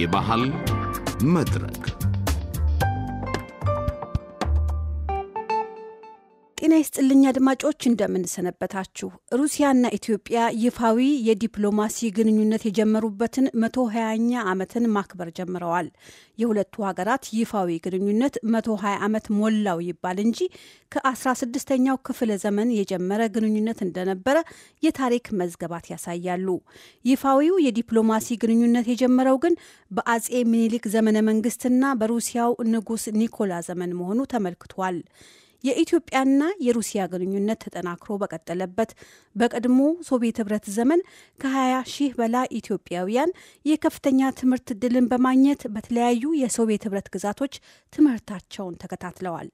የባህል መድረክ ጤና ይስጥልኝ አድማጮች፣ እንደምንሰነበታችሁ። ሩሲያና ኢትዮጵያ ይፋዊ የዲፕሎማሲ ግንኙነት የጀመሩበትን መቶ ሀያኛ ዓመትን ማክበር ጀምረዋል። የሁለቱ ሀገራት ይፋዊ ግንኙነት መቶ ሀያ ዓመት ሞላው ይባል እንጂ ከአስራ ስድስተኛው ክፍለ ዘመን የጀመረ ግንኙነት እንደነበረ የታሪክ መዝገባት ያሳያሉ። ይፋዊው የዲፕሎማሲ ግንኙነት የጀመረው ግን በአጼ ምኒልክ ዘመነ መንግስትና በሩሲያው ንጉስ ኒኮላ ዘመን መሆኑ ተመልክቷል። የኢትዮጵያና የሩሲያ ግንኙነት ተጠናክሮ በቀጠለበት በቀድሞ ሶቪየት ህብረት ዘመን ከ20 ሺህ በላይ ኢትዮጵያውያን የከፍተኛ ትምህርት እድልን በማግኘት በተለያዩ የሶቪየት ህብረት ግዛቶች ትምህርታቸውን ተከታትለዋል።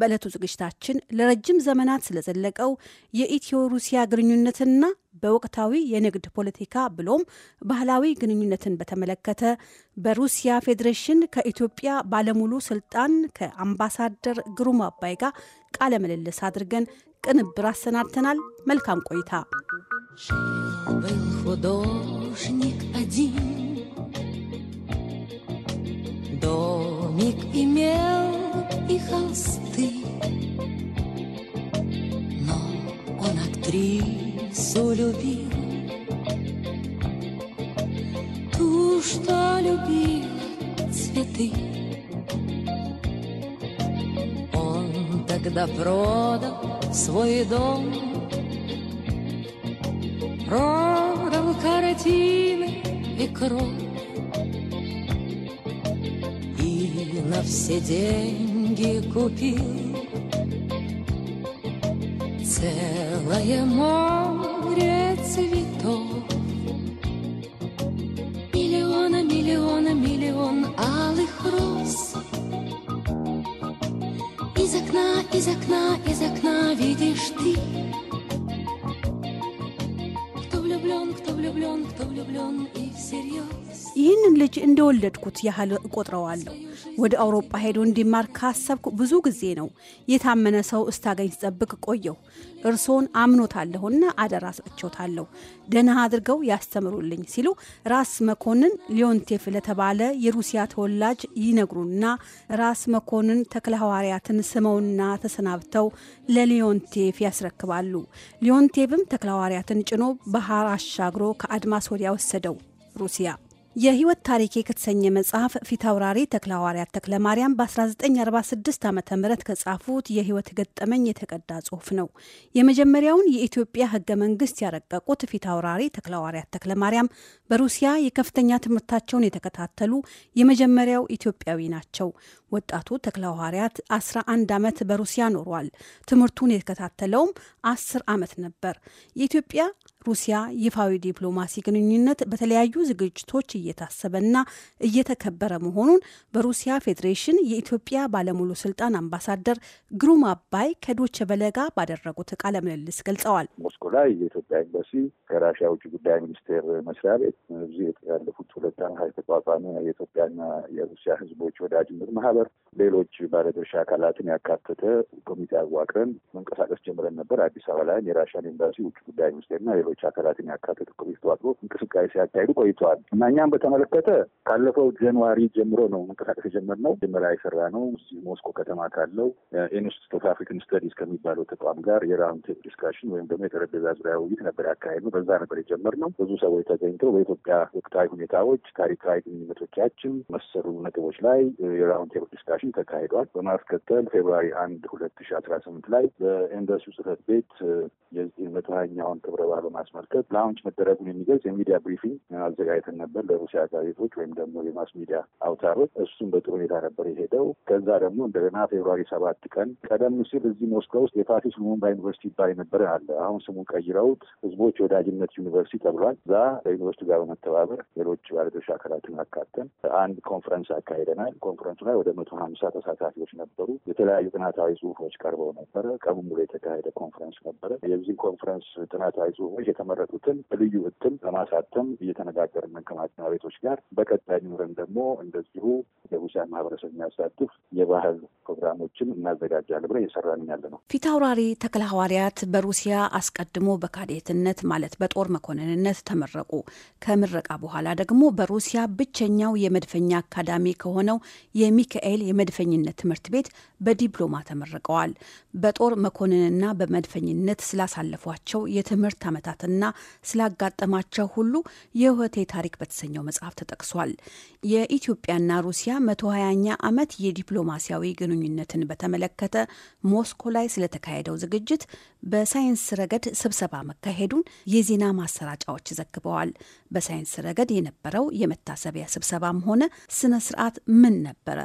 በዕለቱ ዝግጅታችን ለረጅም ዘመናት ስለዘለቀው የኢትዮ ሩሲያ ግንኙነትና በወቅታዊ የንግድ ፖለቲካ ብሎም ባህላዊ ግንኙነትን በተመለከተ በሩሲያ ፌዴሬሽን ከኢትዮጵያ ባለሙሉ ስልጣን ከአምባሳደር ግሩም አባይ ጋር ቃለ ምልልስ አድርገን ቅንብር አሰናድተናል። መልካም ቆይታ። домик все любил, ту, что любил цветы. Он тогда продал свой дом, продал картины и кровь. И на все деньги купил целое море окна, из окна видишь ты. Кто влюблен, кто влюблен, кто влюблен и всерьез. Ин ይህንን ልጅ እንደወለድኩት ያህል እቆጥረዋለሁ። ወደ አውሮፓ ሄዶ እንዲማር ካሰብኩ ብዙ ጊዜ ነው። የታመነ ሰው እስታገኝ ስጠብቅ ቆየሁ። እርስዎን አምኖታለሁና አደራ ሰጥቼዎታለሁ። ደህና አድርገው ያስተምሩልኝ ሲሉ ራስ መኮንን ሊዮንቴፍ ለተባለ የሩሲያ ተወላጅ ይነግሩና ራስ መኮንን ተክለ ሐዋርያትን ስመውና ተሰናብተው ለሊዮንቴፍ ያስረክባሉ። ሊዮንቴፍም ተክለ ሐዋርያትን ጭኖ ባህር አሻግሮ ከአድማስ ወዲያ ወሰደው ሩሲያ የህይወት ታሪኬ ከተሰኘ መጽሐፍ ፊታውራሪ ተክለሐዋርያት ተክለ ማርያም በ1946 ዓ ም ከጻፉት የህይወት ገጠመኝ የተቀዳ ጽሁፍ ነው። የመጀመሪያውን የኢትዮጵያ ህገ መንግስት ያረቀቁት ፊታውራሪ ተክለሐዋርያት ተክለ ማርያም በሩሲያ የከፍተኛ ትምህርታቸውን የተከታተሉ የመጀመሪያው ኢትዮጵያዊ ናቸው። ወጣቱ ተክለሐዋርያት 11 ዓመት በሩሲያ ኖሯል። ትምህርቱን የተከታተለውም 10 ዓመት ነበር። የኢትዮጵያ ሩሲያ ይፋዊ ዲፕሎማሲ ግንኙነት በተለያዩ ዝግጅቶች እየታሰበና እየተከበረ መሆኑን በሩሲያ ፌዴሬሽን የኢትዮጵያ ባለሙሉ ስልጣን አምባሳደር ግሩም አባይ ከዶቸ በለጋ ጋር ባደረጉት ቃለ ምልልስ ገልጸዋል። ሞስኮ ላይ የኢትዮጵያ ኤምባሲ ከራሽያ ውጭ ጉዳይ ሚኒስቴር መስሪያ ቤት ብዙ ያለፉት ሁለት ዓመታት የተቋቋመ የኢትዮጵያና የሩሲያ ሕዝቦች ወዳጅነት ማህበር፣ ሌሎች ባለድርሻ አካላትን ያካተተ ኮሚቴ አዋቅረን መንቀሳቀስ ጀምረን ነበር። አዲስ አበባ ላይም የራሽያን ኤምባሲ ውጭ ጉዳይ ሚኒስቴርና ሌሎች አካላትን ያካተቱ ፖሊስ ተዋቅሮ እንቅስቃሴ ሲያካሂዱ ቆይተዋል እና እኛም በተመለከተ ካለፈው ጀንዋሪ ጀምሮ ነው መንቀሳቀስ የጀመርነው። መጀመሪያ የሰራ ነው ሞስኮ ከተማ ካለው ኢንስቲትዩት ኦፍ አፍሪካን ስተዲስ ከሚባለው ተቋም ጋር የራውንድ ቴብል ዲስካሽን ወይም ደግሞ የጠረጴዛ ዙሪያ ውይይት ነበር ያካሄድ ነው። በዛ ነበር የጀመርነው። ብዙ ሰዎች ተገኝተው በኢትዮጵያ ወቅታዊ ሁኔታዎች፣ ታሪካዊ ግንኙነቶቻችን መሰሉ ነጥቦች ላይ የራውንድ ቴብል ዲስካሽን ተካሂዷል። በማስከተል ፌብሩዋሪ አንድ ሁለት ሺ አስራ ስምንት ላይ በኤምባሲው ጽህፈት ቤት የዚህ መቶ ሃያኛውን ክብረ በዓል በማስመልከት ላውንች መደረጉን የሚገልጽ የሚዲያ ብሪፊንግ አዘጋጅተን ነበር ለሩሲያ ጋዜጦች ወይም ደግሞ የማስ ሚዲያ አውታሮች። እሱም በጥሩ ሁኔታ ነበር የሄደው። ከዛ ደግሞ እንደገና ፌብሯሪ ሰባት ቀን ቀደም ሲል እዚህ ሞስኮ ውስጥ የፓቲስ ሉሙምባ ዩኒቨርሲቲ ይባል የነበረ አለ። አሁን ስሙን ቀይረውት ህዝቦች የወዳጅነት ዩኒቨርሲቲ ተብሏል። እዛ ከዩኒቨርሲቲ ጋር በመተባበር ሌሎች ባለድርሻ አካላትን አካተን አንድ ኮንፈረንስ አካሂደናል። ኮንፈረንሱ ላይ ወደ መቶ ሀምሳ ተሳታፊዎች ነበሩ። የተለያዩ ጥናታዊ ጽሁፎች ቀርበው ነበረ። ቀኑ ሙሉ የተካሄደ ኮንፈረንስ ነበረ። የዚህ ኮንፈረንስ ጥናታዊ ጽሁፎች የተመረጡትን በልዩ እትም ለማሳተም እየተነጋገርን ከማተሚያ ቤቶች ጋር በቀጣይ ኑረን ደግሞ እንደዚሁ የቡሳን ማህበረሰብ የሚያሳትፍ የባህል ፕሮግራሞችን እናዘጋጃለን ብለን እየሰራን ያለ ነው። ፊት አውራሪ ተክለ ሐዋርያት በሩሲያ አስቀድሞ በካዴትነት ማለት በጦር መኮንንነት ተመረቁ። ከምረቃ በኋላ ደግሞ በሩሲያ ብቸኛው የመድፈኛ አካዳሚ ከሆነው የሚካኤል የመድፈኝነት ትምህርት ቤት በዲፕሎማ ተመርቀዋል። በጦር መኮንንና በመድፈኝነት ስላሳለፏቸው የትምህርት ዓመታትና ስላጋጠማቸው ሁሉ የህይወቴ ታሪክ በተሰኘው መጽሐፍ ተጠቅሷል። የኢትዮጵያና ሩሲያ መቶ ሀያኛ ዓመት የዲፕሎማሲያዊ ግንኙነትን በተመለከተ ሞስኮ ላይ ስለተካሄደው ዝግጅት በሳይንስ ረገድ ስብሰባ መካሄዱን የዜና ማሰራጫዎች ዘግበዋል። በሳይንስ ረገድ የነበረው የመታሰቢያ ስብሰባም ሆነ ስነ ስርዓት ምን ነበረ?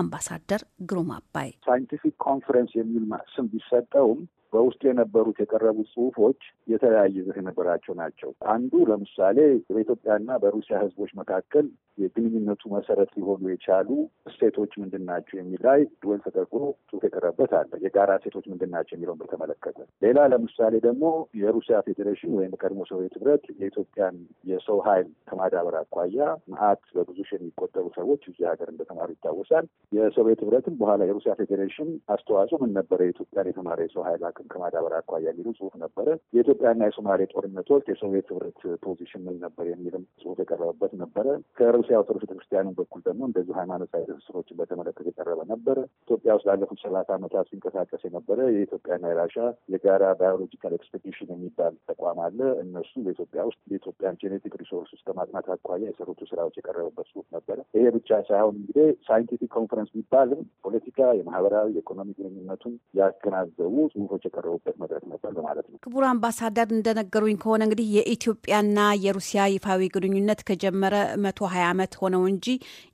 አምባሳደር ግሩም አባይ ሳይንቲፊክ ኮንፈረንስ የሚል ስም ቢሰጠውም በውስጡ የነበሩት የቀረቡት ጽሁፎች የተለያየ ይዘት የነበራቸው ናቸው። አንዱ ለምሳሌ በኢትዮጵያና በሩሲያ ህዝቦች መካከል የግንኙነቱ መሰረት ሊሆኑ የቻሉ እሴቶች ምንድን ናቸው የሚል ላይ ድወል ተጠቅሎ ጽሁፍ የቀረበት አለ። የጋራ እሴቶች ምንድን ናቸው የሚለውን በተመለከተ። ሌላ ለምሳሌ ደግሞ የሩሲያ ፌዴሬሽን ወይም ቀድሞ ሶቪየት ህብረት የኢትዮጵያን የሰው ኃይል ከማዳበር አኳያ መዓት በብዙ ሺህ የሚቆጠሩ ሰዎች እዚህ ሀገር እንደተማሩ ይታወሳል። የሶቪየት ህብረትም በኋላ የሩሲያ ፌዴሬሽን አስተዋጽኦ ምን ነበረ? የኢትዮጵያን የተማረ የሰው ኃይል ከማዳበር አኳያ የሚሉ ጽሁፍ ነበረ። የኢትዮጵያና የሶማሌ ጦርነት ወቅት የሶቪየት ህብረት ፖዚሽን ምን ነበር የሚልም ጽሁፍ የቀረበበት ነበረ። ከሩሲያ ኦርቶዶክስ ቤተክርስቲያኑ በኩል ደግሞ እንደዚሁ ሃይማኖታዊ ትስስሮችን በተመለከተ የቀረበ ነበረ። ኢትዮጵያ ውስጥ ላለፉት ሰላሳ ዓመታት ሲንቀሳቀስ የነበረ የኢትዮጵያና የራሻ የጋራ ባዮሎጂካል ኤክስፔዲሽን የሚባል ተቋም አለ። እነሱ በኢትዮጵያ ውስጥ የኢትዮጵያን ጄኔቲክ ሪሶርስ ውስጥ ከማጥናት አኳያ የሰሩት ስራዎች የቀረበበት ጽሁፍ ነበረ። ይሄ ብቻ ሳይሆን እንግዲህ ሳይንቲፊክ ኮንፈረንስ ቢባልም ፖለቲካ፣ የማህበራዊ፣ የኢኮኖሚ ግንኙነቱን ያገናዘቡ ጽሁፎች የቀረቡበት መድረክ ነበር በማለት ነው። ክቡር አምባሳደር እንደነገሩኝ ከሆነ እንግዲህ የኢትዮጵያና የሩሲያ ይፋዊ ግንኙነት ከጀመረ መቶ ሀያ ዓመት ሆነው እንጂ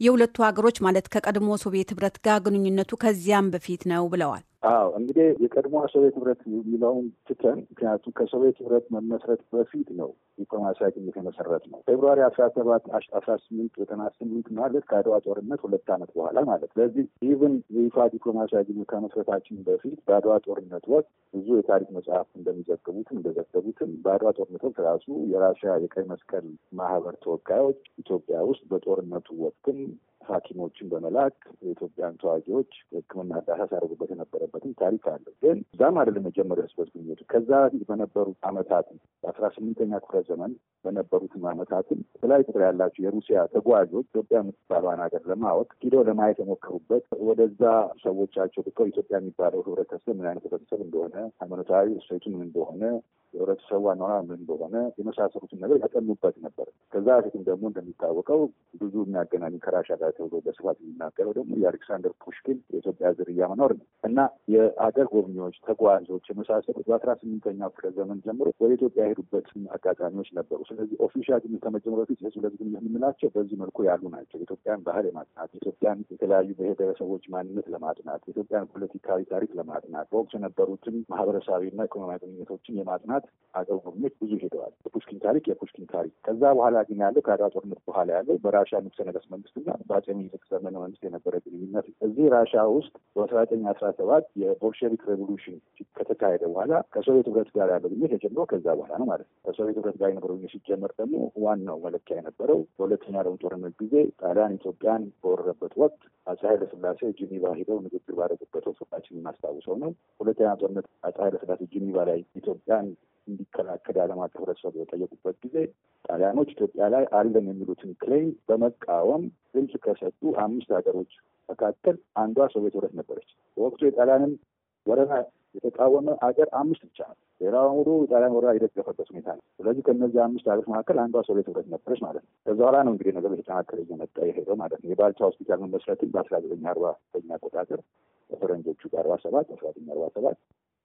የሁለቱ ሀገሮች ማለት ከቀድሞ ሶቪየት ህብረት ጋር ግንኙነቱ ከዚያም በፊት ነው ብለዋል። አዎ እንግዲህ የቀድሞ ሶቪየት ህብረት የሚለውን ትተን፣ ምክንያቱም ከሶቪየት ህብረት መመስረት በፊት ነው ዲፕሎማሲያችን የተመሰረት ነው። ፌብሩዋሪ አስራ ሰባት አስራ ስምንት ዘጠና ስምንት ማለት ከአድዋ ጦርነት ሁለት ዓመት በኋላ ማለት። ስለዚህ ኢቭን የይፋ ዲፕሎማሲያችን ከመስረታችን በፊት በአድዋ ጦርነት ወቅት ብዙ የታሪክ መጽሐፍ እንደሚዘግቡትም እንደዘገቡትም በአድዋ ጦርነት ወቅት ራሱ የራሽያ የቀይ መስቀል ማህበር ተወካዮች ኢትዮጵያ ውስጥ በጦርነቱ ወቅትም ሐኪሞችን በመላክ የኢትዮጵያን ተዋጊዎች ሕክምና እርዳታ ሲያደርጉበት የነበረበትን ታሪክ አለ። ግን እዛም አይደለም መጀመሪያ ስበት ሚሄዱ ከዛ በፊት በነበሩት አመታትም በአስራ ስምንተኛ ክፍለ ዘመን በነበሩትም አመታትም የተለያዩ ቁጥር ያላቸው የሩሲያ ተጓዦች ኢትዮጵያ የምትባለዋን ሀገር ለማወቅ ሂደው ለማየት የሞከሩበት ወደዛ ሰዎቻቸው ልከው ኢትዮጵያ የሚባለው ህብረተሰብ ምን አይነት ህብረተሰብ እንደሆነ ሃይማኖታዊ እሴቱ ምን እንደሆነ የህብረተሰቡ አኗኗር ምን እንደሆነ የመሳሰሉትን ነገር ያጠኑበት ነበር። ከዛ ፊትም ደግሞ እንደሚታወቀው ብዙ የሚያገናኝ ከራሻ ጋር ተብሎ በስፋት የሚናገረው ደግሞ የአሌክሳንደር ፑሽኪን የኢትዮጵያ ዝርያ መኖር ነው እና የአገር ጎብኚዎች፣ ተጓዦች የመሳሰሉት በአስራ ስምንተኛው ክፍለ ዘመን ጀምሮ ወደ ኢትዮጵያ የሄዱበት አጋጣሚዎች ነበሩ። ስለዚህ ኦፊሻል ግን ከመጀመሩ በፊት ህዝብ ለህዝብ የምንላቸው በዚህ መልኩ ያሉ ናቸው። ኢትዮጵያን ባህል የማጥናት ኢትዮጵያን የተለያዩ ብሔረሰቦች ማንነት ለማጥናት ኢትዮጵያን ፖለቲካዊ ታሪክ ለማጥናት በወቅቱ የነበሩትን ማህበረሰባዊና ኢኮኖሚያዊ ግንኙነቶችን የማጥናት ጊዜያት አገው ጎብኘት ብዙ ሄደዋል። የፑሽኪን ታሪክ የፑሽኪን ታሪክ። ከዛ በኋላ ግን ያለው ከአድዋ ጦርነት በኋላ ያለው በራሻ ንጉሠ ነገሥት መንግስትና በአጼ ምኒልክ ዘመነ መንግስት የነበረ ግንኙነት እዚህ ራሻ ውስጥ በአስራ ዘጠኝ አስራ ሰባት የቦልሸቪክ ሬቮሉሽን ከተካሄደ በኋላ ከሶቪየት ህብረት ጋር ያለው ግንኙነት የጀመረው ከዛ በኋላ ነው ማለት ነው። ከሶቪየት ህብረት ጋር የነበረው ግንኙነት ሲጀመር ደግሞ ዋናው መለኪያ የነበረው በሁለተኛ ዓለም ጦርነት ጊዜ ጣሊያን ኢትዮጵያን በወረረበት ወቅት አጼ ኃይለ ኃይለስላሴ ጂኒቫ ሂደው ንግግር ባደረጉበት ወቅት የማስታውሰው ነው። ሁለተኛ ጦርነት አጼ ኃይለ ኃይለስላሴ ጂኒቫ ላይ ኢትዮጵያን እንዲከላከል የዓለም አቀፍ ህብረተሰቡ በጠየቁበት ጊዜ ጣሊያኖች ኢትዮጵያ ላይ አለን የሚሉትን ክሌም በመቃወም ድምፅ ከሰጡ አምስት ሀገሮች መካከል አንዷ ሶቪየት ህብረት ነበረች። በወቅቱ የጣሊያንን ወረራ የተቃወመ ሀገር አምስት ብቻ ነው። ሌላው ሙሉ የጣሊያን ወረራ የደገፈበት ሁኔታ ነው። ስለዚህ ከእነዚህ አምስት ሀገሮች መካከል አንዷ ሶቪየት ህብረት ነበረች ማለት ነው። ከዛ በኋላ ነው እንግዲህ ነገር የተጠናከረ እየመጣ የሄደው ማለት ነው። የባልቻ ሆስፒታል መመስረትን በአስራ ዘጠኝ አርባ ዘጠኝ አቆጣጠር ከፈረንጆቹ በአርባ ሰባት አስራ ዘጠኝ አርባ ሰባት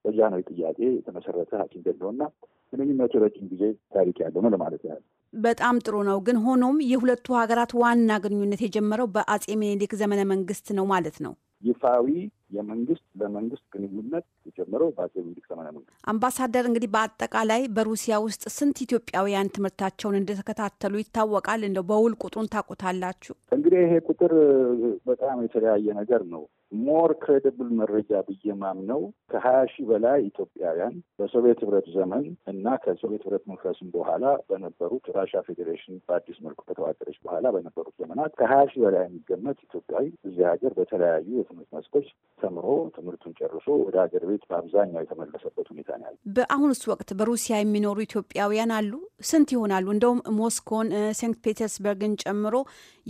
በዛ ነው ጥያቄ የተመሰረተ ሐኪም ቤት ነው እና ግንኙነቱ ረጅም ጊዜ ታሪክ ያለው ነው ለማለት ያህል። በጣም ጥሩ ነው። ግን ሆኖም የሁለቱ ሀገራት ዋና ግንኙነት የጀመረው በአጼ ምኒልክ ዘመነ መንግስት ነው ማለት ነው። ይፋዊ የመንግስት ለመንግስት ግንኙነት የጀመረው በአጼ ምኒልክ ዘመነ መንግስት። አምባሳደር እንግዲህ በአጠቃላይ በሩሲያ ውስጥ ስንት ኢትዮጵያውያን ትምህርታቸውን እንደተከታተሉ ይታወቃል? እንደው በውል ቁጥሩን ታውቁታላችሁ? እንግዲህ ይሄ ቁጥር በጣም የተለያየ ነገር ነው። ሞር ክሬዲብል መረጃ ብዬ ማምነው ከሀያ ሺህ በላይ ኢትዮጵያውያን በሶቪየት ህብረት ዘመን እና ከሶቪየት ህብረት መፍረስም በኋላ በነበሩት ራሻ ፌዴሬሽን በአዲስ መልኩ ከተዋቀረች በኋላ በነበሩት ዘመናት ከሀያ ሺህ በላይ የሚገመት ኢትዮጵያዊ እዚህ ሀገር በተለያዩ የትምህርት መስኮች ተምሮ ትምህርቱን ጨርሶ ወደ ሀገር ቤት በአብዛኛው የተመለሰበት ሁኔታ ነው ያለ። በአሁኑስ ወቅት በሩሲያ የሚኖሩ ኢትዮጵያውያን አሉ? ስንት ይሆናሉ? እንደውም ሞስኮን፣ ሴንት ፔተርስበርግን ጨምሮ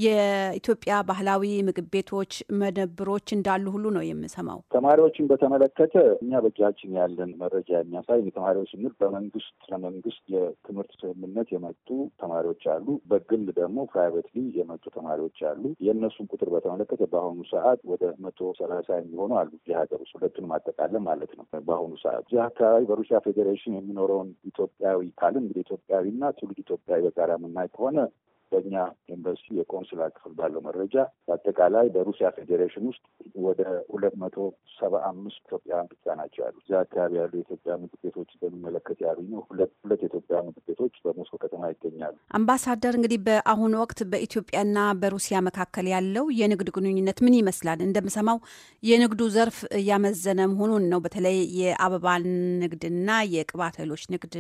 የኢትዮጵያ ባህላዊ ምግብ ቤቶች፣ መደብሮች እንዳ እንዳሉ ሁሉ ነው የምሰማው። ተማሪዎችን በተመለከተ እኛ በእጃችን ያለን መረጃ የሚያሳይ የተማሪዎች ምር በመንግስት ለመንግስት የትምህርት ስምምነት የመጡ ተማሪዎች አሉ፣ በግል ደግሞ ፕራይቬትሊ የመጡ ተማሪዎች አሉ። የእነሱን ቁጥር በተመለከተ በአሁኑ ሰዓት ወደ መቶ ሰላሳ የሚሆኑ አሉ የሀገር ውስጥ ሁለቱን ማጠቃለን ማለት ነው። በአሁኑ ሰዓት እዚህ አካባቢ በሩሲያ ፌዴሬሽን የሚኖረውን ኢትዮጵያዊ ካልን እንግዲህ ኢትዮጵያዊና ትውልድ ኢትዮጵያዊ በጋራ የምናይ ከሆነ በእኛ ኤምባሲ የቆንስላ ክፍል ባለው መረጃ በአጠቃላይ በሩሲያ ፌዴሬሽን ውስጥ ወደ ሁለት መቶ ሰባ አምስት ኢትዮጵያውያን ብቻ ናቸው ያሉ። እዚያ አካባቢ ያሉ የኢትዮጵያ ምግብ ቤቶች በሚመለከት ያሉኛው ሁለት ሁለት የኢትዮጵያ ምግብ ቤቶች በሞስኮ ከተማ ይገኛሉ። አምባሳደር፣ እንግዲህ በአሁኑ ወቅት በኢትዮጵያና በሩሲያ መካከል ያለው የንግድ ግንኙነት ምን ይመስላል? እንደምሰማው የንግዱ ዘርፍ እያመዘነ መሆኑን ነው። በተለይ የአበባ ንግድና የቅባት እህሎች ንግድ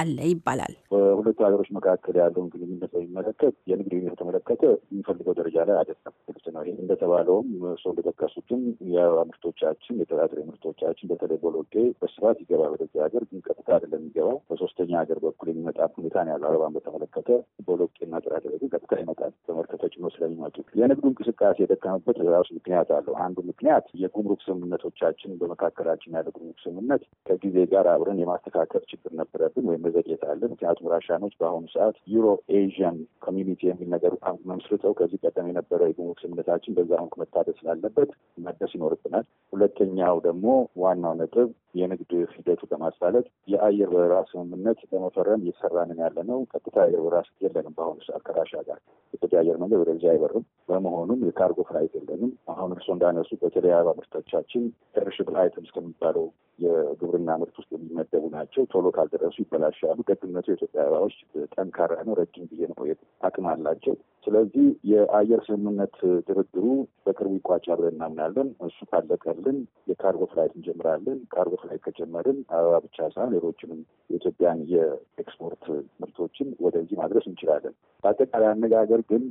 አለ ይባላል። በሁለቱ ሀገሮች መካከል ያለውን ግንኙነት በሚመለከት የንግድ ግንኙነት በተመለከተ የሚፈልገው ደረጃ ላይ አይደለም። ግልጽ ነው። ይህ እንደተባለውም እሱ እንደጠቀሱትም የአበባ ምርቶቻችን፣ የጥራጥሬ ምርቶቻችን በተለይ ቦሎቄ በስፋት ይገባል ወደዚህ ሀገር፣ ግን ቀጥታ አይደለም የሚገባው በሶስተኛ ሀገር በኩል የሚመጣ ሁኔታ ነው ያለው። አበባን በተመለከተ ቦሎቄና ጥራጥሬ ግን ቀጥታ ይመጣል በመርከብ ተጭኖ ስለሚመጡ የንግዱ እንቅስቃሴ የደከመበት ራሱ ምክንያት አለው። አንዱ ምክንያት የጉምሩክ ስምምነቶቻችን በመካከላችን ያለ ጉምሩክ ስምምነት ከጊዜ ጋር አብረን የማስተካከል ችግር ነበረብን ወይም መዘግየት አለ። ምክንያቱም ራሻ ክርስቲያኖች በአሁኑ ሰዓት ዩሮ ኤዥያን ኮሚኒቲ የሚል ነገር መምስርተው ከዚህ ቀደም የነበረው የጉሙሩክ ስምምነታችን በዛ አሁን መታደስ ስላለበት መደስ ይኖርብናል። ሁለተኛው ደግሞ ዋናው ነጥብ የንግድ ሂደቱ ለማሳለጥ የአየር በረራ ስምምነት ለመፈረም እየሰራንን ያለ ነው። ቀጥታ አየር በረራ የለንም በአሁኑ ሰዓት ከራሻ ጋር ኢትዮጵያ አየር መንገድ ወደዚህ አይበርም። በመሆኑም የካርጎ ፍላይት የለንም። አሁን እርስዎ እንዳነሱ በተለያዩ ምርቶቻችን ፐርሽብል አይተምስ ከሚባለው የግብርና ምርት ውስጥ የሚመደቡ ናቸው። ቶሎ ካልደረሱ ይበላሻሉ። ደግነቱ የኢትዮጵያ አበባዎች ጠንካራ ነው። ረጅም ጊዜ መቆየት አቅም አላቸው። ስለዚህ የአየር ስምምነት ድርድሩ በቅርቡ ይቋጫ ብለን እናምናለን። እሱ ካለቀልን የካርጎ ፍላይት እንጀምራለን። ካርጎ እጥፍ ላይ ከጀመርን አበባ ብቻ ሳይሆን ሌሎችንም የኢትዮጵያን የኤክስፖርት ምርቶችን ወደዚህ ማድረስ እንችላለን። በአጠቃላይ አነጋገር ግን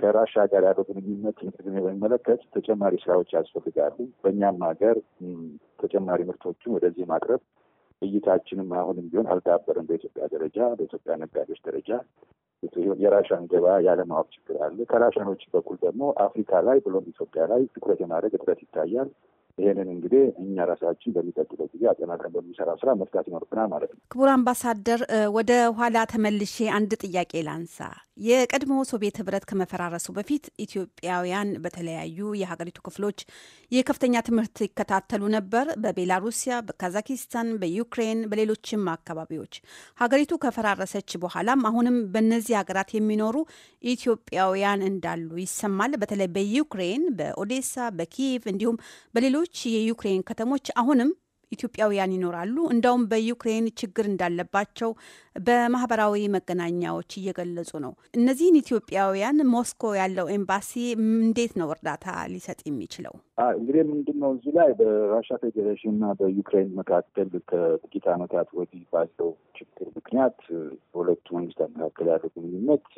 ከራሻ ጋር ያለው ግንኙነት በሚመለከት ተጨማሪ ስራዎች ያስፈልጋሉ። በእኛም ሀገር ተጨማሪ ምርቶችን ወደዚህ ማቅረብ እይታችንም አሁንም ቢሆን አልዳበረም። በኢትዮጵያ ደረጃ በኢትዮጵያ ነጋዴዎች ደረጃ የራሻን ገበያ ያለማወቅ ችግር አለ። ከራሻኖች በኩል ደግሞ አፍሪካ ላይ ብሎም ኢትዮጵያ ላይ ትኩረት የማድረግ እጥረት ይታያል። ይህንን እንግዲህ እኛ ራሳችን በሚቀጥለው ጊዜ አጠናቀን በሚሰራ ስራ መፍታት ይኖርብናል ማለት ነው። ክቡር አምባሳደር፣ ወደ ኋላ ተመልሼ አንድ ጥያቄ ላንሳ። የቀድሞ ሶቪየት ህብረት ከመፈራረሱ በፊት ኢትዮጵያውያን በተለያዩ የሀገሪቱ ክፍሎች የከፍተኛ ትምህርት ይከታተሉ ነበር። በቤላሩሲያ፣ በካዛኪስታን፣ በዩክሬን፣ በሌሎችም አካባቢዎች ሀገሪቱ ከፈራረሰች በኋላም አሁንም በእነዚህ ሀገራት የሚኖሩ ኢትዮጵያውያን እንዳሉ ይሰማል። በተለይ በዩክሬን፣ በኦዴሳ፣ በኪየቭ እንዲሁም በሌሎች ሌሎች የዩክሬን ከተሞች አሁንም ኢትዮጵያውያን ይኖራሉ። እንደውም በዩክሬን ችግር እንዳለባቸው በማህበራዊ መገናኛዎች እየገለጹ ነው። እነዚህን ኢትዮጵያውያን ሞስኮ ያለው ኤምባሲ እንዴት ነው እርዳታ ሊሰጥ የሚችለው? እንግዲህ ምንድን ነው እዚህ ላይ በራሻ ፌዴሬሽን እና በዩክሬን መካከል ከጥቂት ዓመታት ወዲህ ባለው ችግር ምክንያት በሁለቱ መንግስታት መካከል ያለው ግንኙነት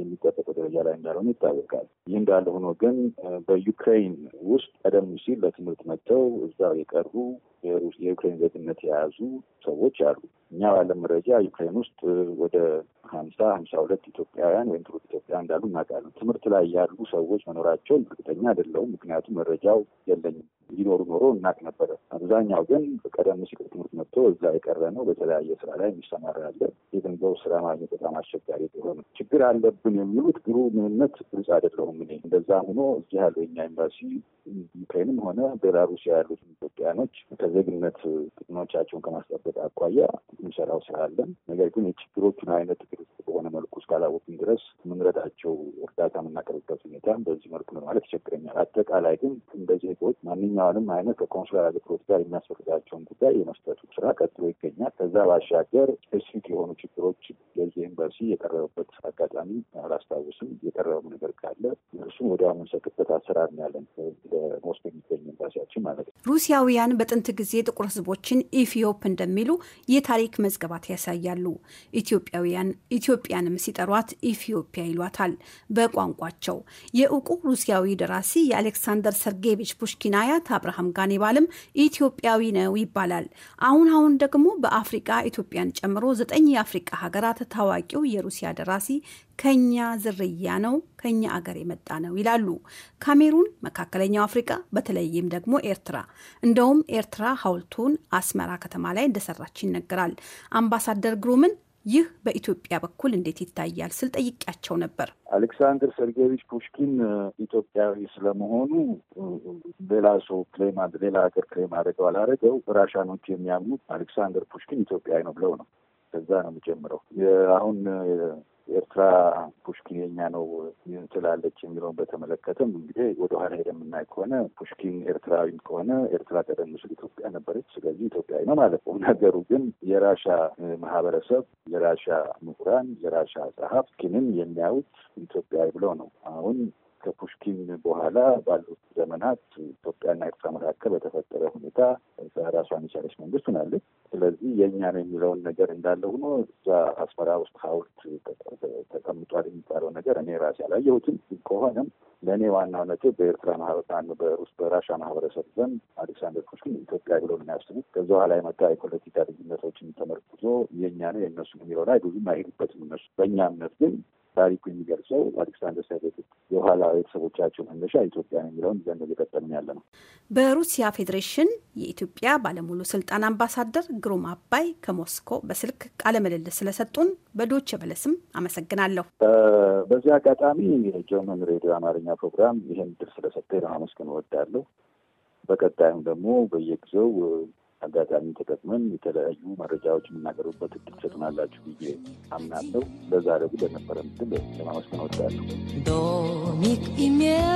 የሚጠበቀው ደረጃ ላይ እንዳልሆነ ይታወቃል። ይህ እንዳለ ሆኖ ግን በዩክሬን ውስጥ ቀደም ሲል ለትምህርት መጥተው እዛው የቀሩ የዩክሬን ዜግነት የያዙ ሰዎች አሉ። እኛ ባለ መረጃ ዩክሬን ውስጥ ወደ ሀምሳ ሀምሳ ሁለት ኢትዮጵያውያን ወይም ትውልደ ኢትዮጵያ እንዳሉ እናውቃለን። ትምህርት ላይ ያሉ ሰዎች መኖራቸውን እርግጠኛ አይደለሁም፣ ምክንያቱም መረጃው የለኝም። ቢኖሩ ኖሮ እናቅ ነበረ። አብዛኛው ግን ቀደም ሲል ትምህርት መጥቶ እዛ የቀረ ነው። በተለያየ ስራ ላይ የሚሰማራ ያለ የገንዘቡ ስራ ማግኘት በጣም አስቸጋሪ ቢሆን ችግር አለብን የሚሉት ግሩ ምንነት ግልጽ አይደለሁም። እኔ እንደዛ ሆኖ እዚህ ያለው የኛ ኤምባሲ ዩክሬንም ሆነ ቤላሩስ ያሉት ኢትዮጵያኖች ከዜግነት ጥቅኖቻቸውን ከማስጠበቅ አኳያ የሚሰራው ስራ አለን። ነገር ግን የችግሮቹን አይነት ግልጽ እስካላወቅን ድረስ የምንረዳቸው እርዳታ የምናቀርብበት ሁኔታ በዚህ መልኩ ነው ማለት ይቸግረኛል። አጠቃላይ ግን እንደ ዜጎች ማንኛውንም አይነት ከኮንሱላር አገልግሎት ጋር የሚያስፈልጋቸውን ጉዳይ የመስጠቱ ስራ ቀጥሎ ይገኛል። ከዛ ባሻገር ስፔሲፊክ የሆኑ ችግሮች ለዚህ ኤምባሲ የቀረበበት አጋጣሚ አላስታውስም። የቀረበው ነገር ካለ እሱም ወዲያ የምንሰጥበት አሰራር ያለን ሞስኮ የሚገኝ ኤምባሲያችን ማለት ነው። ሩሲያውያን በጥንት ጊዜ ጥቁር ህዝቦችን ኢፊዮፕ እንደሚሉ የታሪክ መዝገባት ያሳያሉ። ኢትዮጵያውያን ኢትዮጵያንም ሲጠ የሚጠሯት ኢትዮጵያ ይሏታል በቋንቋቸው። የእውቁ ሩሲያዊ ደራሲ የአሌክሳንደር ሰርጌቪች ፑሽኪን አያት አብርሃም ጋኔባልም ኢትዮጵያዊ ነው ይባላል። አሁን አሁን ደግሞ በአፍሪቃ ኢትዮጵያን ጨምሮ ዘጠኝ የአፍሪቃ ሀገራት ታዋቂው የሩሲያ ደራሲ ከኛ ዝርያ ነው ከኛ አገር የመጣ ነው ይላሉ። ካሜሩን፣ መካከለኛው አፍሪቃ፣ በተለይም ደግሞ ኤርትራ። እንደውም ኤርትራ ሐውልቱን አስመራ ከተማ ላይ እንደሰራች ይነገራል። አምባሳደር ግሩምን ይህ በኢትዮጵያ በኩል እንዴት ይታያል ስል ጠይቄያቸው ነበር። አሌክሳንደር ሰርጌቪች ፑሽኪን ኢትዮጵያዊ ስለመሆኑ ሌላ ሰው ክሌም ሌላ ሀገር ክሌም አድርገው አላደረገው ራሻኖች የሚያምኑት አሌክሳንደር ፑሽኪን ኢትዮጵያዊ ነው ብለው ነው። ከዛ ነው የሚጀምረው። አሁን ኤርትራ ፑሽኪን የኛ ነው ትላለች የሚለውን በተመለከተም እንግዲህ ወደ ኋላ ሄደ የምናይ ከሆነ ፑሽኪን ኤርትራዊም ከሆነ ኤርትራ ቀደም ሲል ኢትዮጵያ ነበረች። ስለዚህ ኢትዮጵያዊ ነው ማለት ነው። ነገሩ ግን የራሻ ማህበረሰብ፣ የራሻ ምሁራን፣ የራሻ ጸሐፍኪንን የሚያዩት ኢትዮጵያዊ ብለው ነው አሁን ከፑሽኪን በኋላ ባሉት ዘመናት ኢትዮጵያና ኤርትራ መካከል በተፈጠረ ሁኔታ ራሷን የቻለች መንግስት ሆናለች። ስለዚህ የእኛ ነው የሚለውን ነገር እንዳለ ሆኖ እዛ አስመራ ውስጥ ሐውልት ተቀምጧል የሚባለው ነገር እኔ ራሴ ያላየሁትም ከሆነም ለእኔ ዋናው ነጥብ በኤርትራ ማህበረሰብ በሩስ በራሻ ማህበረሰብ ዘንድ አሌክሳንደር ፑሽኪን ኢትዮጵያ ብሎ የሚያስቡት ከዛ ኋላ የመጣ የፖለቲካ ልዩነቶችን ተመርኩዞ የእኛ ነው የእነሱ የሚለው ላይ ብዙም አይሄዱበትም እነሱ። በእኛ እምነት ግን ታሪኩ የሚገልጸው አሌክሳንደር ሳይቤት የኋላ ቤተሰቦቻቸው መነሻ ኢትዮጵያ የሚለውን ይዘን እየቀጠልን ያለ ነው። በሩሲያ ፌዴሬሽን የኢትዮጵያ ባለሙሉ ስልጣን አምባሳደር ግሩም አባይ ከሞስኮ በስልክ ቃለ ምልልስ ስለሰጡን በዶች በለስም አመሰግናለሁ። በዚህ አጋጣሚ የጀርመን ሬዲዮ አማርኛ ፕሮግራም ይህን ድር ስለሰጠ ለማመስገን እወዳለሁ። በቀጣዩም ደግሞ በየጊዜው አጋጣሚ ተጠቅመን የተለያዩ መረጃዎች የምናገሩበት እድል ሰጡናላችሁ ብዬ አምናለሁ። ለዛሬ ግን ለነበረ ምትል ለማመስገን እወዳለሁ። ዶሚክ ኢሜል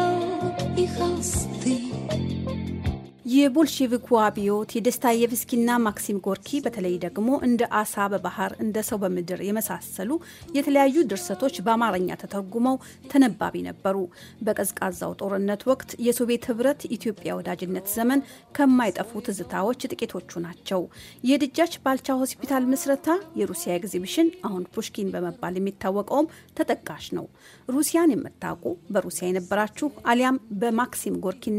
የቦልሼቪኩ አብዮት የዶስታየቭስኪና ማክሲም ጎርኪ በተለይ ደግሞ እንደ አሳ በባህር እንደ ሰው በምድር የመሳሰሉ የተለያዩ ድርሰቶች በአማርኛ ተተርጉመው ተነባቢ ነበሩ። በቀዝቃዛው ጦርነት ወቅት የሶቪየት ህብረት ኢትዮጵያ ወዳጅነት ዘመን ከማይጠፉ ትዝታዎች ጥቂቶቹ ናቸው። የድጃች ባልቻ ሆስፒታል ምስረታ፣ የሩሲያ ኤግዚቢሽን አሁን ፑሽኪን በመባል የሚታወቀውም ተጠቃሽ ነው። ሩሲያን የምታውቁ በሩሲያ የነበራችሁ አሊያም በማክሲም ጎርኪና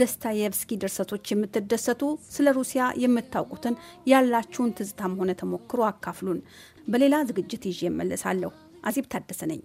ዶስታየቭስኪ ድርሰ በድርሰቶች የምትደሰቱ ስለ ሩሲያ የምታውቁትን ያላችሁን ትዝታም ሆነ ተሞክሮ አካፍሉን። በሌላ ዝግጅት ይዤ እመለሳለሁ። አዜብ ታደሰ ነኝ።